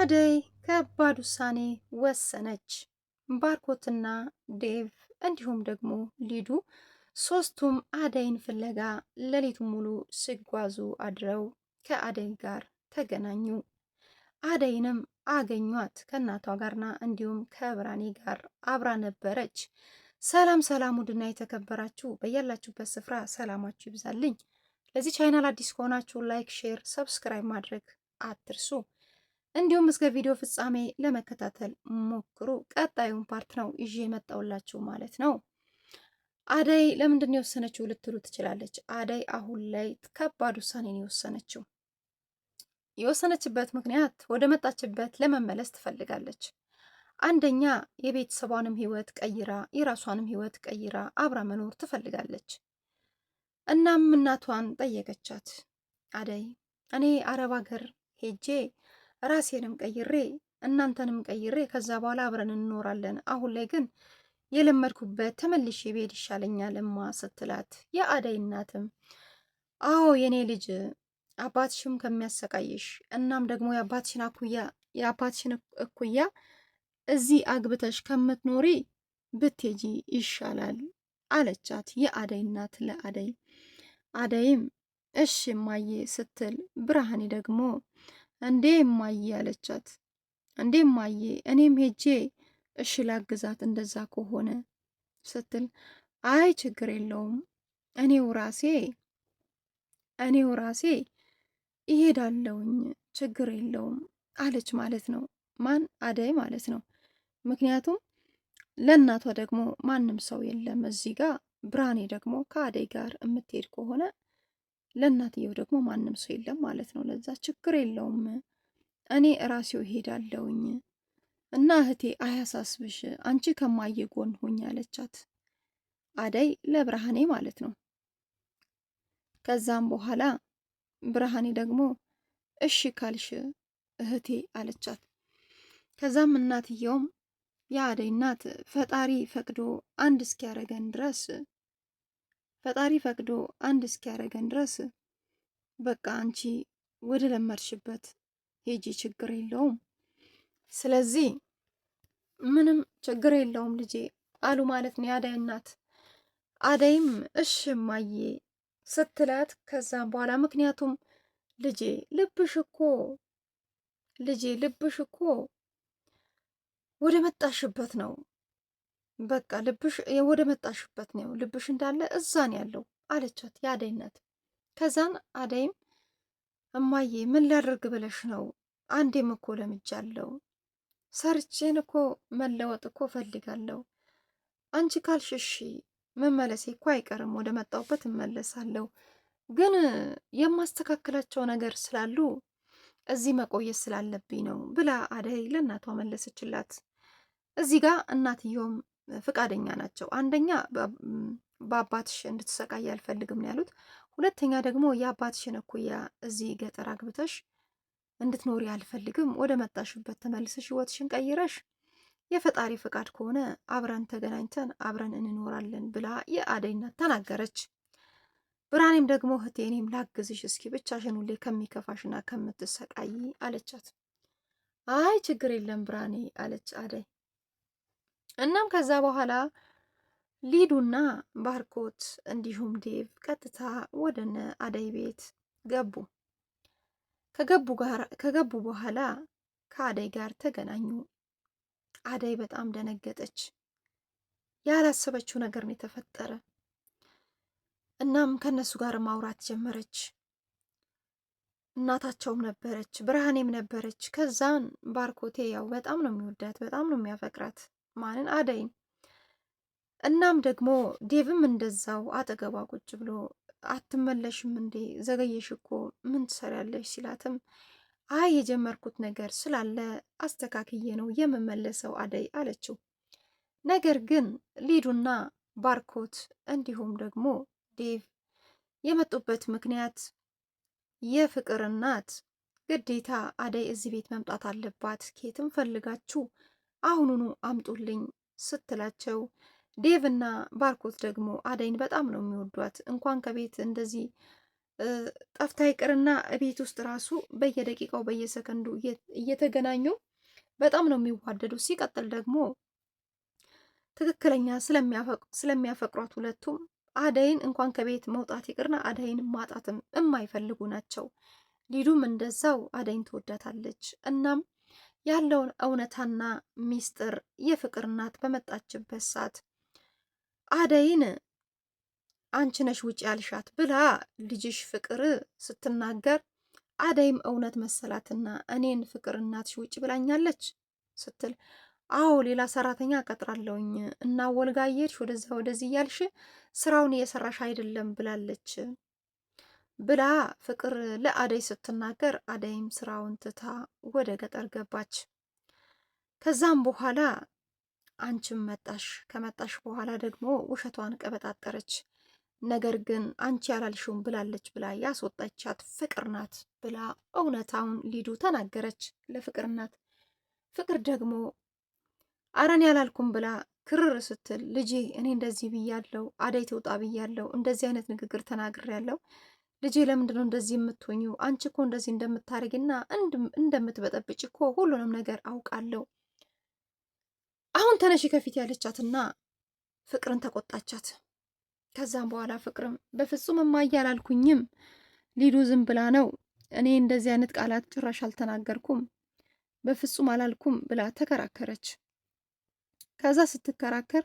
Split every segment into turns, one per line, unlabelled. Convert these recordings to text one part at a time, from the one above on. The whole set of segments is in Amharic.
አደይ ከባድ ውሳኔ ወሰነች። ባርኮትና ዴቭ እንዲሁም ደግሞ ሊዱ ሶስቱም አደይን ፍለጋ ሌሊቱ ሙሉ ሲጓዙ አድረው ከአደይ ጋር ተገናኙ። አደይንም አገኟት። ከእናቷ ጋርና እንዲሁም ከብራኔ ጋር አብራ ነበረች። ሰላም ሰላም! ውድና የተከበራችሁ በያላችሁበት ስፍራ ሰላማችሁ ይብዛልኝ። ለዚህ ቻይናል አዲስ ከሆናችሁ ላይክ፣ ሼር፣ ሰብስክራይብ ማድረግ አትርሱ። እንዲሁም እስከ ቪዲዮ ፍጻሜ ለመከታተል ሞክሩ። ቀጣዩን ፓርት ነው ይዤ የመጣውላችሁ ማለት ነው። አደይ ለምንድን ነው የወሰነችው ልትሉ ትችላለች። አደይ አሁን ላይ ከባድ ውሳኔ ነው የወሰነችው። የወሰነችበት ምክንያት ወደ መጣችበት ለመመለስ ትፈልጋለች። አንደኛ የቤተሰቧንም ህይወት ቀይራ የራሷንም ህይወት ቀይራ አብራ መኖር ትፈልጋለች። እናም እናቷን ጠየቀቻት። አደይ እኔ አረብ ሀገር ሄጄ ራሴንም ቀይሬ እናንተንም ቀይሬ ከዛ በኋላ አብረን እንኖራለን። አሁን ላይ ግን የለመድኩበት ተመልሼ ብሄድ ይሻለኛል እማ ስትላት የአደይ እናትም አዎ የኔ ልጅ አባትሽም ከሚያሰቃይሽ እናም ደግሞ የአባትሽን አኩያ የአባትሽን እኩያ እዚህ አግብተሽ ከምትኖሪ ብትሄጂ ይሻላል አለቻት የአደይ እናት ለአደይ አደይም እሺ እማዬ ስትል ብርሃኔ ደግሞ እንዴ እማዬ አለቻት። እንዴ እማዬ እኔም ሄጄ እሺ ላግዛት እንደዛ ከሆነ ስትል አይ ችግር የለውም እኔው ራሴ እኔው ራሴ ይሄዳለውኝ ችግር የለውም አለች ማለት ነው። ማን አደይ ማለት ነው። ምክንያቱም ለእናቷ ደግሞ ማንም ሰው የለም እዚህ ጋር ብርሃኔ ደግሞ ከአደይ ጋር የምትሄድ ከሆነ ለእናትየው ደግሞ ማንም ሰው የለም ማለት ነው። ለዛ ችግር የለውም እኔ እራሴው ሄዳለሁኝ እና እህቴ አያሳስብሽ፣ አንቺ ከማየ ጎን ሁኝ አለቻት። አደይ ለብርሃኔ ማለት ነው። ከዛም በኋላ ብርሃኔ ደግሞ እሺ ካልሽ እህቴ አለቻት። ከዛም እናትየውም የአደይ እናት ፈጣሪ ፈቅዶ አንድ እስኪያደርገን ድረስ ፈጣሪ ፈቅዶ አንድ እስኪያደርገን ድረስ በቃ አንቺ ወደ ለመድሽበት ሄጂ፣ ችግር የለውም። ስለዚህ ምንም ችግር የለውም ልጄ አሉ ማለት ነው የአዳይ እናት። አዳይም እሽ ማዬ ስትላት ከዛም በኋላ ምክንያቱም ልጄ ልብሽ እኮ ልጄ ልብሽ እኮ ወደ መጣሽበት ነው በቃ ልብሽ ወደ መጣሽበት ነው፣ ልብሽ እንዳለ እዛን ያለው አለቻት የአደይነት። ከዛን አደይም እማዬ ምን ላድርግ ብለሽ ነው? አንዴም እኮ ለምጃለሁ፣ ሰርቼን እኮ መለወጥ እኮ ፈልጋለሁ። አንቺ ካልሽ እሺ፣ መመለሴ እኮ አይቀርም፣ ወደ መጣሁበት እመለሳለሁ። ግን የማስተካከላቸው ነገር ስላሉ እዚህ መቆየት ስላለብኝ ነው ብላ አደይ ለእናቷ መለሰችላት። እዚህ ጋር እናትየውም ፍቃደኛ ናቸው። አንደኛ በአባትሽ እንድትሰቃይ አልፈልግም ነው ያሉት። ሁለተኛ ደግሞ የአባትሽን እኩያ እዚህ ገጠር አግብተሽ እንድትኖሪ አልፈልግም፣ ወደ መጣሽበት ተመልሰሽ ህይወትሽን ቀይረሽ የፈጣሪ ፍቃድ ከሆነ አብረን ተገናኝተን አብረን እንኖራለን ብላ የአደይናት ተናገረች። ብርሃኔም ደግሞ እህቴ እኔም ላግዝሽ እስኪ ብቻሽን ሁሌ ከሚከፋሽና ከምትሰቃይ አለቻት። አይ ችግር የለም ብርሃኔ አለች አደይ እናም ከዛ በኋላ ሊዱና ባርኮት እንዲሁም ዴቭ ቀጥታ ወደነ አደይ ቤት ገቡ። ከገቡ ጋር ከገቡ በኋላ ከአደይ ጋር ተገናኙ። አደይ በጣም ደነገጠች። ያላሰበችው ነገር ነው የተፈጠረ። እናም ከነሱ ጋር ማውራት ጀመረች። እናታቸውም ነበረች፣ ብርሃኔም ነበረች። ከዛን ባርኮቴ ያው በጣም ነው የሚወዳት፣ በጣም ነው የሚያፈቅራት። ማንን? አደይን። እናም ደግሞ ዴቭም እንደዛው አጠገቧ ቁጭ ብሎ አትመለሽም እንዴ ዘገየሽ እኮ ምን ትሰሪያለሽ? ሲላትም አይ የጀመርኩት ነገር ስላለ አስተካክዬ ነው የምመለሰው አደይ አለችው። ነገር ግን ሊዱና ባርኮት እንዲሁም ደግሞ ዴቭ የመጡበት ምክንያት የፍቅር እናት ግዴታ አደይ እዚህ ቤት መምጣት አለባት፣ ኬትም ፈልጋችሁ አሁኑኑ አምጡልኝ ስትላቸው ዴቭና ባርኮት ደግሞ አደይን በጣም ነው የሚወዷት። እንኳን ከቤት እንደዚህ ጠፍታ ይቅርና ቤት ውስጥ ራሱ በየደቂቃው በየሰከንዱ እየተገናኙ በጣም ነው የሚዋደዱ። ሲቀጥል ደግሞ ትክክለኛ ስለሚያፈቅሯት ሁለቱም አደይን እንኳን ከቤት መውጣት ይቅርና አደይን ማጣትም የማይፈልጉ ናቸው። ሊዱም እንደዛው አደይን ትወዳታለች። እናም ያለውን እውነታና ሚስጥር የፍቅር እናት በመጣችበት ሰዓት አደይን አንቺ ነሽ ውጭ ያልሻት ብላ ልጅሽ ፍቅር ስትናገር አደይም እውነት መሰላትና እኔን ፍቅር እናትሽ ውጭ ብላኛለች ስትል አዎ ሌላ ሰራተኛ ቀጥራለውኝ እና ወልጋ ወደዚያ ወደዚህ እያልሽ ስራውን እየሰራሽ አይደለም ብላለች ብላ ፍቅር ለአደይ ስትናገር አደይም ስራውን ትታ ወደ ገጠር ገባች። ከዛም በኋላ አንቺም መጣሽ። ከመጣሽ በኋላ ደግሞ ውሸቷን ቀበጣጠረች። ነገር ግን አንቺ ያላልሽውን ብላለች ብላ ያስወጣቻት ፍቅር ናት ብላ እውነታውን ሊዱ ተናገረች ለፍቅር ናት። ፍቅር ደግሞ አረን ያላልኩም ብላ ክርር ስትል ልጄ እኔ እንደዚህ ብያለው፣ አደይ ትውጣ ብያለው፣ እንደዚህ አይነት ንግግር ተናግሬያለው ልጄ ለምንድነው እንደዚህ የምትሆኙ? አንቺ እኮ እንደዚህ እንደምታደርጊና እንደምትበጠብጭ እኮ ሁሉንም ነገር አውቃለሁ። አሁን ተነሺ ከፊት ያለቻትና ፍቅርን ተቆጣቻት። ከዛም በኋላ ፍቅርም በፍጹም እማዬ አላልኩኝም፣ ሊዱ ዝም ብላ ነው። እኔ እንደዚህ አይነት ቃላት ጭራሽ አልተናገርኩም፣ በፍጹም አላልኩም ብላ ተከራከረች። ከዛ ስትከራከር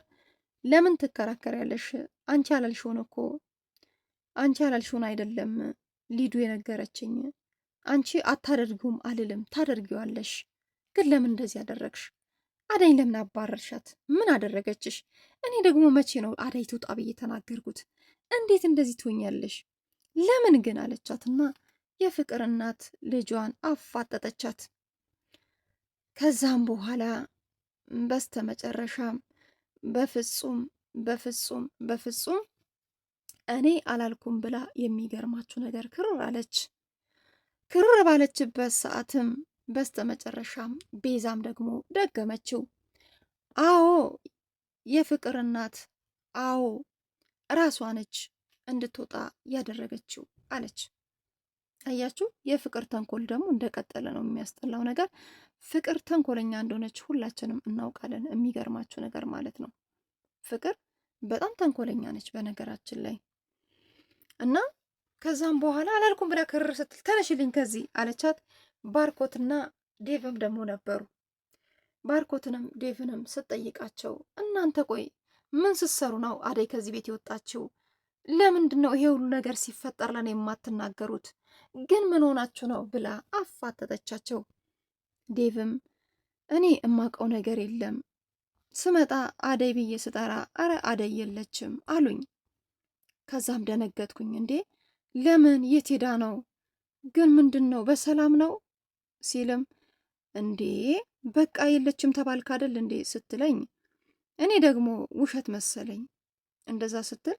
ለምን ትከራከሪያለሽ? አንቺ አላልሽውን እኮ አንቺ ያላልሽውን አይደለም ሊዱ የነገረችኝ። አንቺ አታደርጊውም አልልም፣ ታደርጊዋለሽ። ግን ለምን እንደዚህ አደረግሽ? አደይ ለምን አባረርሻት? ምን አደረገችሽ? እኔ ደግሞ መቼ ነው አደይ ትውጣ ብዬ ተናገርኩት? እንዴት እንደዚህ ትሆኛለሽ? ለምን ግን አለቻትና የፍቅር እናት ልጇን አፋጠጠቻት። ከዛም በኋላ በስተመጨረሻ በፍጹም በፍጹም በፍጹም እኔ አላልኩም ብላ የሚገርማችሁ ነገር ክርር አለች። ክርር ባለችበት ሰዓትም በስተመጨረሻም ቤዛም ደግሞ ደገመችው። አዎ የፍቅር እናት፣ አዎ ራሷ ነች እንድትወጣ ያደረገችው አለች። አያችሁ፣ የፍቅር ተንኮል ደግሞ እንደቀጠለ ነው። የሚያስጠላው ነገር ፍቅር ተንኮለኛ እንደሆነች ሁላችንም እናውቃለን። የሚገርማችሁ ነገር ማለት ነው ፍቅር በጣም ተንኮለኛ ነች በነገራችን ላይ እና ከዛም በኋላ አላልኩም ብላ ክርር ስትል ተነሽልኝ ከዚህ አለቻት። ባርኮትና ዴቭም ደግሞ ነበሩ። ባርኮትንም ዴቭንም ስትጠይቃቸው እናንተ ቆይ ምን ስትሰሩ ነው አደይ ከዚህ ቤት የወጣችው? ለምንድን ነው ይሄ ሁሉ ነገር ሲፈጠር ለኔ የማትናገሩት? ግን ምን ሆናችሁ ነው ብላ አፋተተቻቸው። ዴቭም እኔ እማቀው ነገር የለም ስመጣ አደይ ብዬ ስጠራ አረ አደይ የለችም አሉኝ ከዛም ደነገጥኩኝ። እንዴ ለምን የት ሄዳ ነው? ግን ምንድን ነው በሰላም ነው ሲልም እንዴ በቃ የለችም ተባልክ አይደል እንዴ ስትለኝ እኔ ደግሞ ውሸት መሰለኝ። እንደዛ ስትል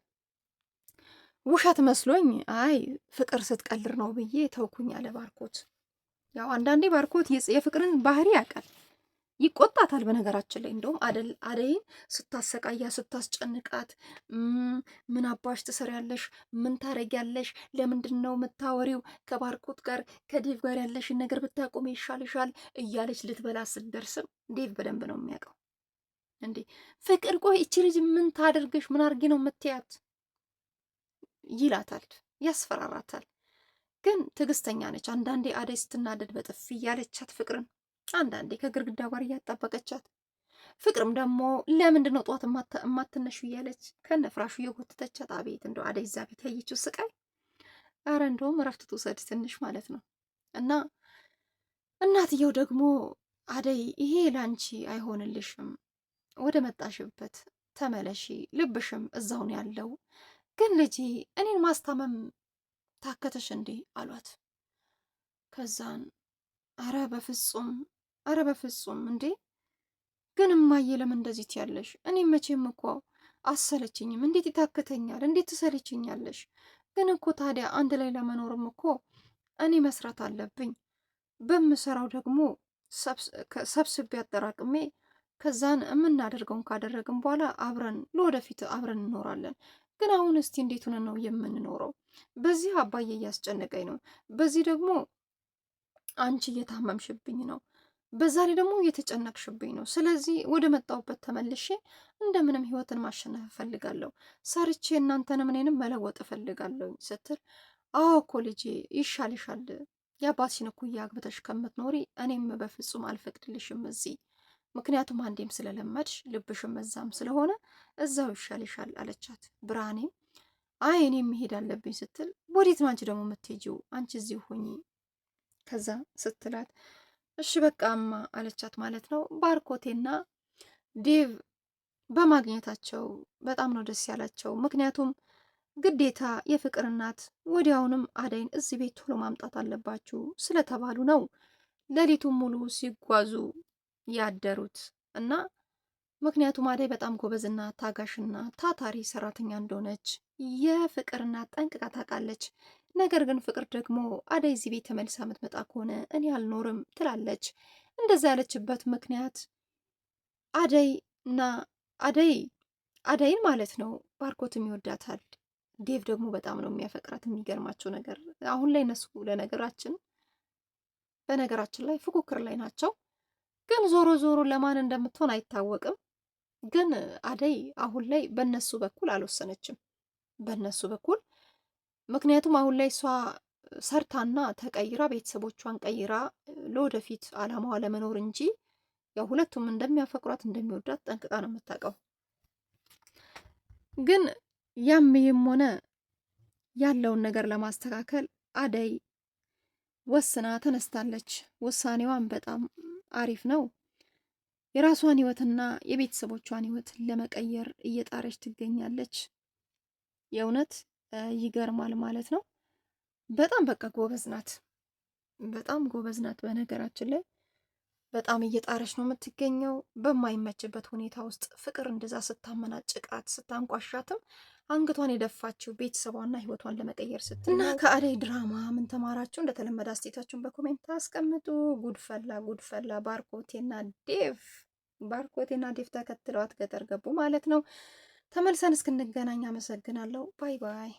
ውሸት መስሎኝ አይ ፍቅር ስትቀልር ነው ብዬ ተውኩኝ አለ ባርኮት። ያው አንዳንዴ ባርኮት የፍቅርን ባህሪ ያውቃል። ይቆጣታል። በነገራችን ላይ እንደውም አደይን ስታሰቃያ ስታስጨንቃት፣ ምን አባሽ ትሰሪያለሽ? ምን ታረጊያለሽ? ለምንድን ነው የምታወሪው? ከባርኮት ጋር ከዴቭ ጋር ያለሽን ነገር ብታቆሚ ይሻልሻል እያለች ልትበላ ስትደርስም ዴቭ በደንብ ነው የሚያውቀው። እንዴ ፍቅር፣ ቆይ እቺ ልጅ ምን ታደርግሽ? ምን አርጊ ነው የምትያት? ይላታል፣ ያስፈራራታል። ግን ትዕግስተኛ ነች። አንዳንዴ አደይ ስትናደድ በጥፊ እያለቻት ፍቅርን አንዳንዴ ከግርግዳ ጋር እያጣበቀቻት፣ ፍቅርም ደግሞ ለምንድን ነው ጠዋት የማትነሹ እያለች ከነፍራሹ እየጎተተቻት። አቤት እንደው አደይ እዛ ቤት ያየችው ስቃይ! አረ እንደውም እረፍት ትውሰድ ትንሽ ማለት ነው። እና እናትየው ደግሞ አደይ ይሄ ላንቺ አይሆንልሽም፣ ወደ መጣሽበት ተመለሺ፣ ልብሽም እዛውን ያለው። ግን ልጄ እኔን ማስታመም ታከተሽ እንዴ አሏት። ከዛን አረ በፍጹም አረ በፍጹም እንዴ! ግን እማዬ ለምን እንደዚህ ትያለሽ? እኔ መቼም እኮ አሰለችኝም። እንዴት ይታክተኛል? እንዴት ትሰለችኛለሽ? ግን እኮ ታዲያ አንድ ላይ ለመኖርም እኮ እኔ መስራት አለብኝ። በምሰራው ደግሞ ሰብስቤ አጠራቅሜ ከዛን የምናደርገውን ካደረግን በኋላ አብረን ለወደፊት አብረን እንኖራለን። ግን አሁን እስቲ እንዴት ሆነን ነው የምንኖረው? በዚህ አባዬ እያስጨነቀኝ ነው። በዚህ ደግሞ አንቺ እየታመምሽብኝ ነው። በዛ ላይ ደግሞ እየተጨነቅሽብኝ ነው። ስለዚህ ወደ መጣሁበት ተመልሼ እንደምንም ህይወትን ማሸነፍ እፈልጋለሁ፣ ሰርቼ እናንተንም እኔንም መለወጥ እፈልጋለሁ ስትል አዎ እኮ ልጄ ይሻልሻል፣ የአባትሽን እኩያ አግብተሽ ከምትኖሪ እኔም በፍጹም አልፈቅድልሽም እዚህ ምክንያቱም አንዴም ስለለመድሽ ልብሽም እዛም ስለሆነ እዛው ይሻልሻል አለቻት። ብርሃኔም አይ እኔም መሄድ አለብኝ ስትል ወዴት ነው አንቺ ደግሞ የምትሄጂው? አንቺ እዚሁ ሆኚ ከዛ ስትላት እሺ በቃማ አለቻት ማለት ነው። ባርኮቴና ዴቭ በማግኘታቸው በጣም ነው ደስ ያላቸው። ምክንያቱም ግዴታ የፍቅር እናት ወዲያውንም አደይን እዚህ ቤት ቶሎ ማምጣት አለባችሁ ስለተባሉ ነው ሌሊቱን ሙሉ ሲጓዙ ያደሩት እና ምክንያቱም አደይ በጣም ጎበዝና ታጋሽና ታታሪ ሰራተኛ እንደሆነች የፍቅር እናት ጠንቅቃ ታውቃለች። ነገር ግን ፍቅር ደግሞ አደይ እዚህ ቤት ተመልሳ የምትመጣ ከሆነ እኔ አልኖርም ትላለች። እንደዛ ያለችበት ምክንያት አደይ እና አደይ አደይን ማለት ነው ባርኮትም ይወዳታል። ዴቭ ደግሞ በጣም ነው የሚያፈቅራት። የሚገርማቸው ነገር አሁን ላይ እነሱ ለነገራችን በነገራችን ላይ ፉክክር ላይ ናቸው፣ ግን ዞሮ ዞሮ ለማን እንደምትሆን አይታወቅም። ግን አደይ አሁን ላይ በእነሱ በኩል አልወሰነችም። በእነሱ በኩል ምክንያቱም አሁን ላይ እሷ ሰርታና ተቀይራ ቤተሰቦቿን ቀይራ ለወደፊት አላማዋ ለመኖር እንጂ ያው ሁለቱም እንደሚያፈቅሯት እንደሚወዳት ጠንቅቃ ነው የምታውቀው። ግን ያም ይህም ሆነ ያለውን ነገር ለማስተካከል አደይ ወስና ተነስታለች። ውሳኔዋን በጣም አሪፍ ነው። የራሷን ህይወትና የቤተሰቦቿን ህይወት ለመቀየር እየጣረች ትገኛለች የእውነት ይገርማል ማለት ነው። በጣም በቃ ጎበዝ ናት፣ በጣም ጎበዝ ናት። በነገራችን ላይ በጣም እየጣረች ነው የምትገኘው በማይመችበት ሁኔታ ውስጥ ፍቅር እንደዛ ስታመናጭቃት ስታንቋሻትም አንገቷን የደፋችው ቤተሰቧና ህይወቷን ለመቀየር ስትል እና
ከአደይ ድራማ ምን ተማራችሁ? እንደተለመደ አስቴታችሁን በኮሜንት አስቀምጡ። ጉድፈላ ጉድፈላ ባርኮቴና ዴቭ ባርኮቴና ዴቭ ተከትለዋት ገጠር ገቡ ማለት ነው። ተመልሰን እስክንገናኝ አመሰግናለሁ። ባይ ባይ።